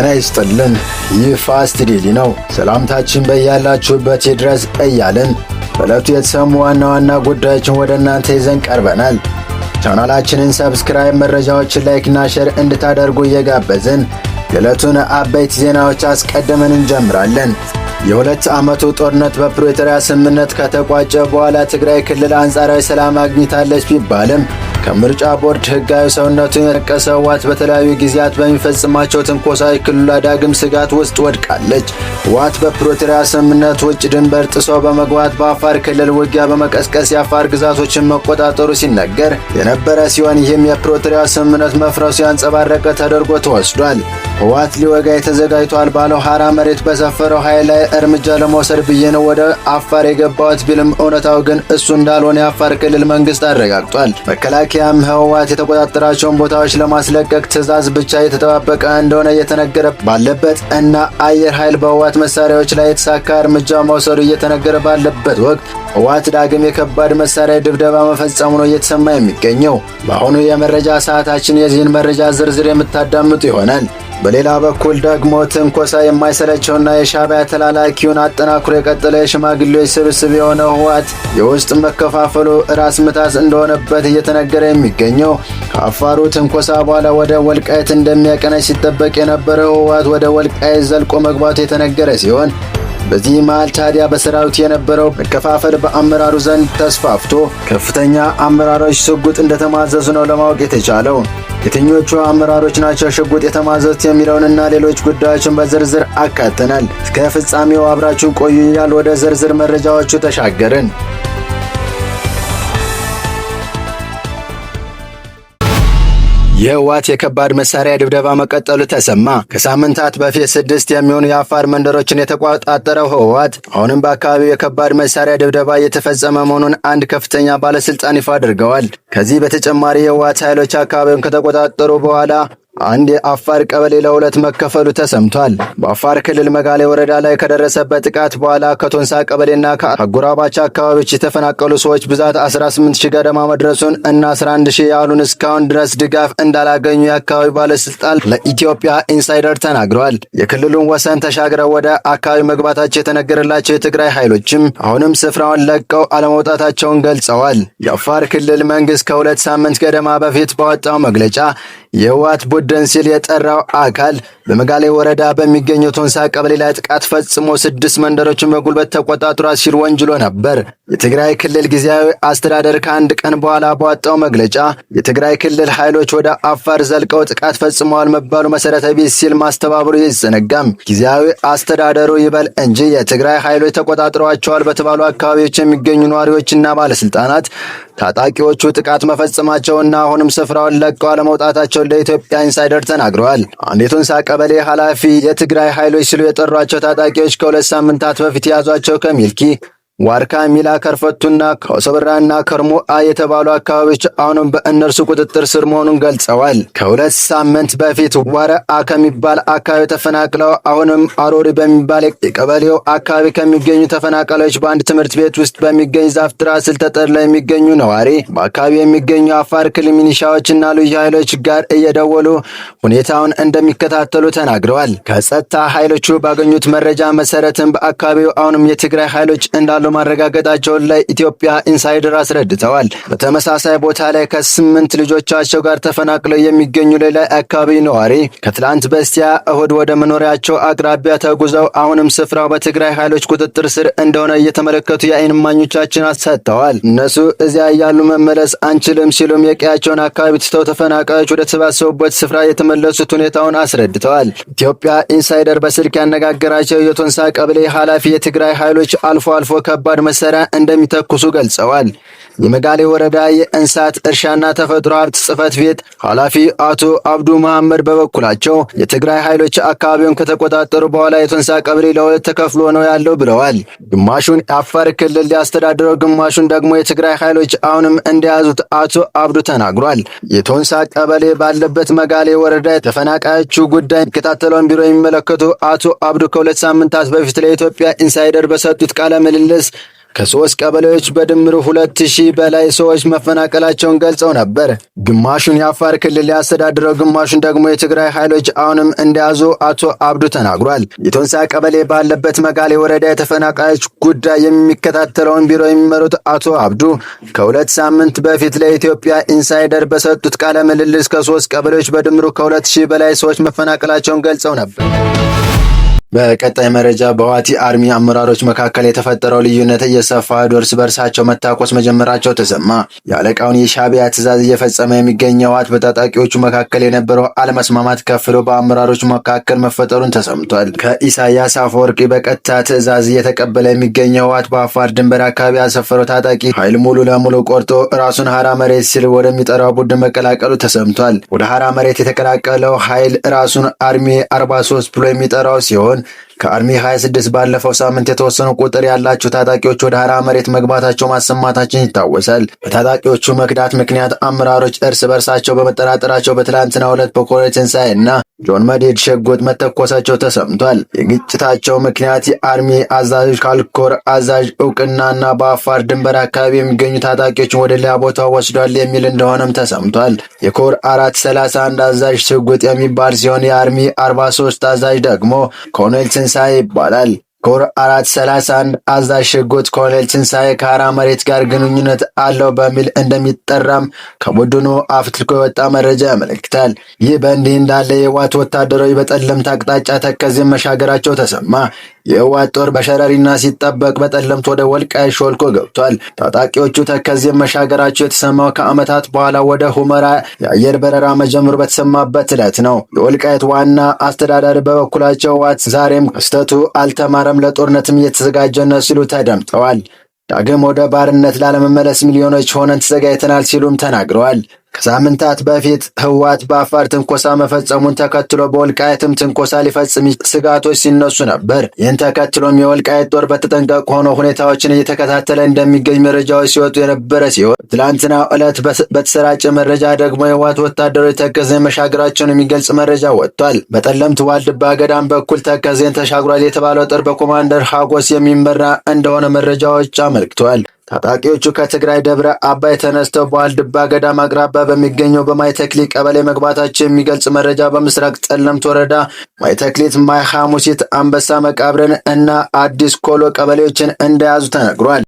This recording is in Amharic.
ጤና ይስጥልን። ይህ ፋስት ዴሊ ነው። ሰላምታችን በያላችሁበት ይድረስ እያልን በዕለቱ የተሰሙ ዋና ዋና ጉዳዮችን ወደ እናንተ ይዘን ቀርበናል። ቻናላችንን ሰብስክራይብ፣ መረጃዎችን ላይክና ሼር እንድታደርጉ እየጋበዝን የዕለቱን አበይት ዜናዎች አስቀድመን እንጀምራለን። የሁለት ዓመቱ ጦርነት በፕሪቶሪያ ስምምነት ከተቋጨ በኋላ ትግራይ ክልል አንጻራዊ ሰላም አግኝታለች ቢባልም ከምርጫ ቦርድ ህጋዊ ሰውነቱን የነቀሰ ህወሓት በተለያዩ ጊዜያት በሚፈጽማቸው ትንኮሳዊ ክልላ ዳግም ስጋት ውስጥ ወድቃለች። ህወሓት በፕሪቶሪያ ስምምነት ውጭ ድንበር ጥሶ በመግባት በአፋር ክልል ውጊያ በመቀስቀስ የአፋር ግዛቶችን መቆጣጠሩ ሲነገር የነበረ ሲሆን ይህም የፕሪቶሪያ ስምምነት መፍረሱ ያንጸባረቀ ተደርጎ ተወስዷል። ህወሓት ሊወጋ ተዘጋጅቷል ባለው ሀራ መሬት በሰፈረው ኃይል ላይ እርምጃ ለመውሰድ ብዬ ነው ወደ አፋር የገባሁት ቢልም እውነታው ግን እሱ እንዳልሆነ የአፋር ክልል መንግስት አረጋግጧል። መከላከያም ህወሓት የተቆጣጠራቸውን ቦታዎች ለማስለቀቅ ትዕዛዝ ብቻ የተጠባበቀ እንደሆነ እየተነገረ ባለበት እና አየር ኃይል በህወሓት መሳሪያዎች ላይ የተሳካ እርምጃ መውሰዱ እየተነገረ ባለበት ወቅት ህወሓት ዳግም የከባድ መሳሪያ ድብደባ መፈጸሙ ነው እየተሰማ የሚገኘው። በአሁኑ የመረጃ ሰዓታችን የዚህን መረጃ ዝርዝር የምታዳምጡ ይሆናል። በሌላ በኩል ደግሞ ትንኮሳ የማይሰለቸውና የሻዕቢያ ተላላኪውን አጠናክሮ የቀጠለ የሽማግሌዎች ስብስብ የሆነው ህወሓት የውስጥ መከፋፈሉ ራስ ምታስ እንደሆነበት እየተነገረ የሚገኘው ከአፋሩ ትንኮሳ በኋላ ወደ ወልቃየት እንደሚያቀነች ሲጠበቅ የነበረው ህወሓት ወደ ወልቃየት ዘልቆ መግባቱ የተነገረ ሲሆን በዚህ መሃል ታዲያ በሰራዊት የነበረው መከፋፈል በአመራሩ ዘንድ ተስፋፍቶ ከፍተኛ አመራሮች ስጉጥ እንደተማዘዙ ነው ለማወቅ የተቻለው። የትኞቹ አመራሮች ናቸው ሽጉጥ የተማዘዙት የሚለውንና ሌሎች ጉዳዮችን በዝርዝር አካተናል። እስከ ፍጻሜው አብራችሁ ቆዩ እያል ወደ ዝርዝር መረጃዎቹ ተሻገርን። የህወሓት የከባድ መሳሪያ ድብደባ መቀጠሉ ተሰማ። ከሳምንታት በፊት ስድስት የሚሆኑ የአፋር መንደሮችን የተቆጣጠረው ህወሓት አሁንም በአካባቢው የከባድ መሳሪያ ድብደባ እየተፈጸመ መሆኑን አንድ ከፍተኛ ባለስልጣን ይፋ አድርገዋል። ከዚህ በተጨማሪ የህወሓት ኃይሎች አካባቢውን ከተቆጣጠሩ በኋላ አንድ የአፋር ቀበሌ ለሁለት መከፈሉ ተሰምቷል። በአፋር ክልል መጋሌ ወረዳ ላይ ከደረሰበት ጥቃት በኋላ ከቶንሳ ቀበሌና ከአጎራባች አካባቢዎች የተፈናቀሉ ሰዎች ብዛት 18 ሺህ ገደማ መድረሱን እና 11 ሺህ ያሉን እስካሁን ድረስ ድጋፍ እንዳላገኙ የአካባቢ ባለስልጣን ለኢትዮጵያ ኢንሳይደር ተናግረዋል። የክልሉን ወሰን ተሻግረው ወደ አካባቢ መግባታቸው የተነገረላቸው የትግራይ ኃይሎችም አሁንም ስፍራውን ለቀው አለመውጣታቸውን ገልጸዋል። የአፋር ክልል መንግስት ከሁለት ሳምንት ገደማ በፊት ባወጣው መግለጫ የህወሓት ቡድን ሲል የጠራው አካል በመጋሌ ወረዳ በሚገኘው ቶንሳ ቀበሌ ላይ ጥቃት ፈጽሞ ስድስት መንደሮችን በጉልበት ተቆጣጥሯል ሲል ወንጅሎ ነበር። የትግራይ ክልል ጊዜያዊ አስተዳደር ከአንድ ቀን በኋላ ባወጣው መግለጫ የትግራይ ክልል ኃይሎች ወደ አፋር ዘልቀው ጥቃት ፈጽመዋል መባሉ መሰረተ ቢስ ሲል ማስተባበሩ ይዘነጋም። ጊዜያዊ አስተዳደሩ ይበል እንጂ የትግራይ ኃይሎች ተቆጣጥረዋቸዋል በተባሉ አካባቢዎች የሚገኙ ነዋሪዎችና ባለስልጣናት ታጣቂዎቹ ጥቃት መፈጸማቸውና አሁንም ስፍራውን ለቀው አለመውጣታቸውን ለኢትዮጵያ ኢንሳይደር ተናግረዋል። አንዴቱንሳ ቀበሌ ኃላፊ የትግራይ ኃይሎች ሲሉ የጠሯቸው ታጣቂዎች ከሁለት ሳምንታት በፊት የያዟቸው ከሚልኪ ዋርካ፣ ሚላ፣ ከርፈቱና ከሰብራና ከርሙአ የተባሉ አካባቢዎች አሁንም በእነርሱ ቁጥጥር ስር መሆኑን ገልጸዋል። ከሁለት ሳምንት በፊት ዋረአ ከሚባል አካባቢ ተፈናቅለው አሁንም አሮሪ በሚባል የቀበሌው አካባቢ ከሚገኙ ተፈናቃዮች በአንድ ትምህርት ቤት ውስጥ በሚገኝ ዛፍ ጥራ ስር ተጠልለው የሚገኙ ነዋሪ በአካባቢ የሚገኙ አፋር ክልል ሚኒሻዎችና ልዩ ኃይሎች ጋር እየደወሉ ሁኔታውን እንደሚከታተሉ ተናግረዋል። ከጸጥታ ኃይሎቹ ባገኙት መረጃ መሰረትም በአካባቢው አሁንም የትግራይ ኃይሎች እንዳሉ ማረጋገጣቸውን ለኢትዮጵያ ኢንሳይደር አስረድተዋል። በተመሳሳይ ቦታ ላይ ከስምንት ልጆቻቸው ጋር ተፈናቅለው የሚገኙ ሌላ አካባቢ ነዋሪ ከትላንት በስቲያ እሁድ ወደ መኖሪያቸው አቅራቢያ ተጉዘው አሁንም ስፍራው በትግራይ ኃይሎች ቁጥጥር ስር እንደሆነ እየተመለከቱ የአይን እማኞቻችን ሰጥተዋል። እነሱ እዚያ እያሉ መመለስ አንችልም ሲሉም የቀያቸውን አካባቢ ትተው ተፈናቃዮች ወደ ተሰባሰቡበት ስፍራ የተመለሱት ሁኔታውን አስረድተዋል። ኢትዮጵያ ኢንሳይደር በስልክ ያነጋገራቸው የቶንሳ ቀበሌ ኃላፊ የትግራይ ኃይሎች አልፎ አልፎ ከ ከባድ መሳሪያ እንደሚተኩሱ ገልጸዋል። የመጋሌ ወረዳ የእንስሳት እርሻና ተፈጥሮ ሀብት ጽፈት ቤት ኃላፊ አቶ አብዱ መሐመድ በበኩላቸው የትግራይ ኃይሎች አካባቢውን ከተቆጣጠሩ በኋላ የቶንሳ ቀበሌ ለሁለት ተከፍሎ ነው ያለው ብለዋል። ግማሹን የአፋር ክልል ሊያስተዳድረው፣ ግማሹን ደግሞ የትግራይ ኃይሎች አሁንም እንደያዙት አቶ አብዱ ተናግሯል። የቶንሳ ቀበሌ ባለበት መጋሌ ወረዳ የተፈናቃዮቹ ጉዳይ የሚከታተለውን ቢሮ የሚመለከቱ አቶ አብዱ ከሁለት ሳምንታት በፊት ለኢትዮጵያ ኢንሳይደር በሰጡት ቃለ ምልልስ ከሶስት ቀበሌዎች በድምሩ ሁለት ሺህ በላይ ሰዎች መፈናቀላቸውን ገልጸው ነበር። ግማሹን የአፋር ክልል ያስተዳድረው፣ ግማሹን ደግሞ የትግራይ ኃይሎች አሁንም እንደያዙ አቶ አብዱ ተናግሯል። የቶንሳ ቀበሌ ባለበት መጋሌ ወረዳ የተፈናቃዮች ጉዳይ የሚከታተለውን ቢሮ የሚመሩት አቶ አብዱ ከሁለት ሳምንት በፊት ለኢትዮጵያ ኢንሳይደር በሰጡት ቃለ ምልልስ ከሶስት ቀበሌዎች በድምሩ ከሁለት ሺህ በላይ ሰዎች መፈናቀላቸውን ገልጸው ነበር። በቀጣይ መረጃ በዋቲ አርሚ አመራሮች መካከል የተፈጠረው ልዩነት እየሰፋ ሄዶ እርስ በርሳቸው መታኮስ መጀመራቸው ተሰማ። የአለቃውን የሻቢያ ትዕዛዝ እየፈጸመ የሚገኘው ዋት በታጣቂዎቹ መካከል የነበረው አለመስማማት ከፍሎ በአመራሮች መካከል መፈጠሩን ተሰምቷል። ከኢሳያስ አፈወርቂ በቀጥታ ትዕዛዝ እየተቀበለ የሚገኘው ዋት በአፋር ድንበር አካባቢ ያሰፈረው ታጣቂ ኃይል ሙሉ ለሙሉ ቆርጦ ራሱን ሀራ መሬት ሲል ወደሚጠራው ቡድን መቀላቀሉ ተሰምቷል። ወደ ሀራ መሬት የተቀላቀለው ኃይል ራሱን አርሚ 43 ብሎ የሚጠራው ሲሆን ከአርሚ 26 ባለፈው ሳምንት የተወሰኑ ቁጥር ያላቸው ታጣቂዎች ወደ ሀራ መሬት መግባታቸው ማሰማታችን ይታወሳል። በታጣቂዎቹ መክዳት ምክንያት አመራሮች እርስ በርሳቸው በመጠራጠራቸው በትላንትና ሁለት በኮሎኔል ትንሣኤ እና ጆን መዴድ ሽጉጥ መተኮሳቸው ተሰምቷል። የግጭታቸው ምክንያት የአርሚ አዛዦች ካልኮር አዛዥ እውቅናና በአፋር ድንበር አካባቢ የሚገኙ ታጣቂዎችን ወደ ሌላ ቦታ ወስዷል የሚል እንደሆነም ተሰምቷል። የኮር አራት ሰላሳ አንድ አዛዥ ሽጉጥ የሚባል ሲሆን የአርሚ አርባ ሶስት አዛዥ ደግሞ ኮሎኔል ትንሳኤ ይባላል። ኮር 431 አዛዥ ሽጉጥ ኮሎኔል ትንሣኤ ከአራ መሬት ጋር ግንኙነት አለው በሚል እንደሚጠራም ከቡድኑ አፍትልኮ የወጣ መረጃ ያመለክታል። ይህ በእንዲህ እንዳለ የዋት ወታደራዊ በጠለምት አቅጣጫ ተከዜ መሻገራቸው ተሰማ። የህወሓት ጦር በሸረሪና ሲጠበቅ በጠለምት ወደ ወልቃይት ሾልኮ ገብቷል። ታጣቂዎቹ ተከዜም መሻገራቸው የተሰማው ከዓመታት በኋላ ወደ ሁመራ የአየር በረራ መጀመሩ በተሰማበት ዕለት ነው። የወልቃይት ዋና አስተዳዳሪ በበኩላቸው ህወሓት ዛሬም ክስተቱ አልተማረም፣ ለጦርነትም እየተዘጋጀ ነው ሲሉ ተደምጠዋል። ዳግም ወደ ባርነት ላለመመለስ ሚሊዮኖች ሆነን ተዘጋጅተናል ሲሉም ተናግረዋል። ከሳምንታት በፊት ህወሓት በአፋር ትንኮሳ መፈጸሙን ተከትሎ በወልቃየትም ትንኮሳ ሊፈጽም ስጋቶች ሲነሱ ነበር። ይህን ተከትሎም የወልቃየት ጦር በተጠንቀቅ ሆኖ ሁኔታዎችን እየተከታተለ እንደሚገኝ መረጃዎች ሲወጡ የነበረ ሲሆን ትላንትና ዕለት በተሰራጨ መረጃ ደግሞ የህወሓት ወታደሮች ተከዜን መሻገራቸውን የሚገልጽ መረጃ ወጥቷል። በጠለምት ዋልድባ ገዳም በኩል ተከዜን ተሻግሯል የተባለው ጦር በኮማንደር ሀጎስ የሚመራ እንደሆነ መረጃዎች አመልክቷል። ታጣቂዎቹ ከትግራይ ደብረ አባይ ተነስተው በዋልድባ ገዳም አቅራቢያ በሚገኘው በማይተክሊ ቀበሌ መግባታቸው የሚገልጽ መረጃ በምስራቅ ጠለምት ወረዳ ማይተክሊት፣ ማይ ሐሙሲት፣ አንበሳ መቃብርን እና አዲስ ኮሎ ቀበሌዎችን እንደያዙ ተነግሯል።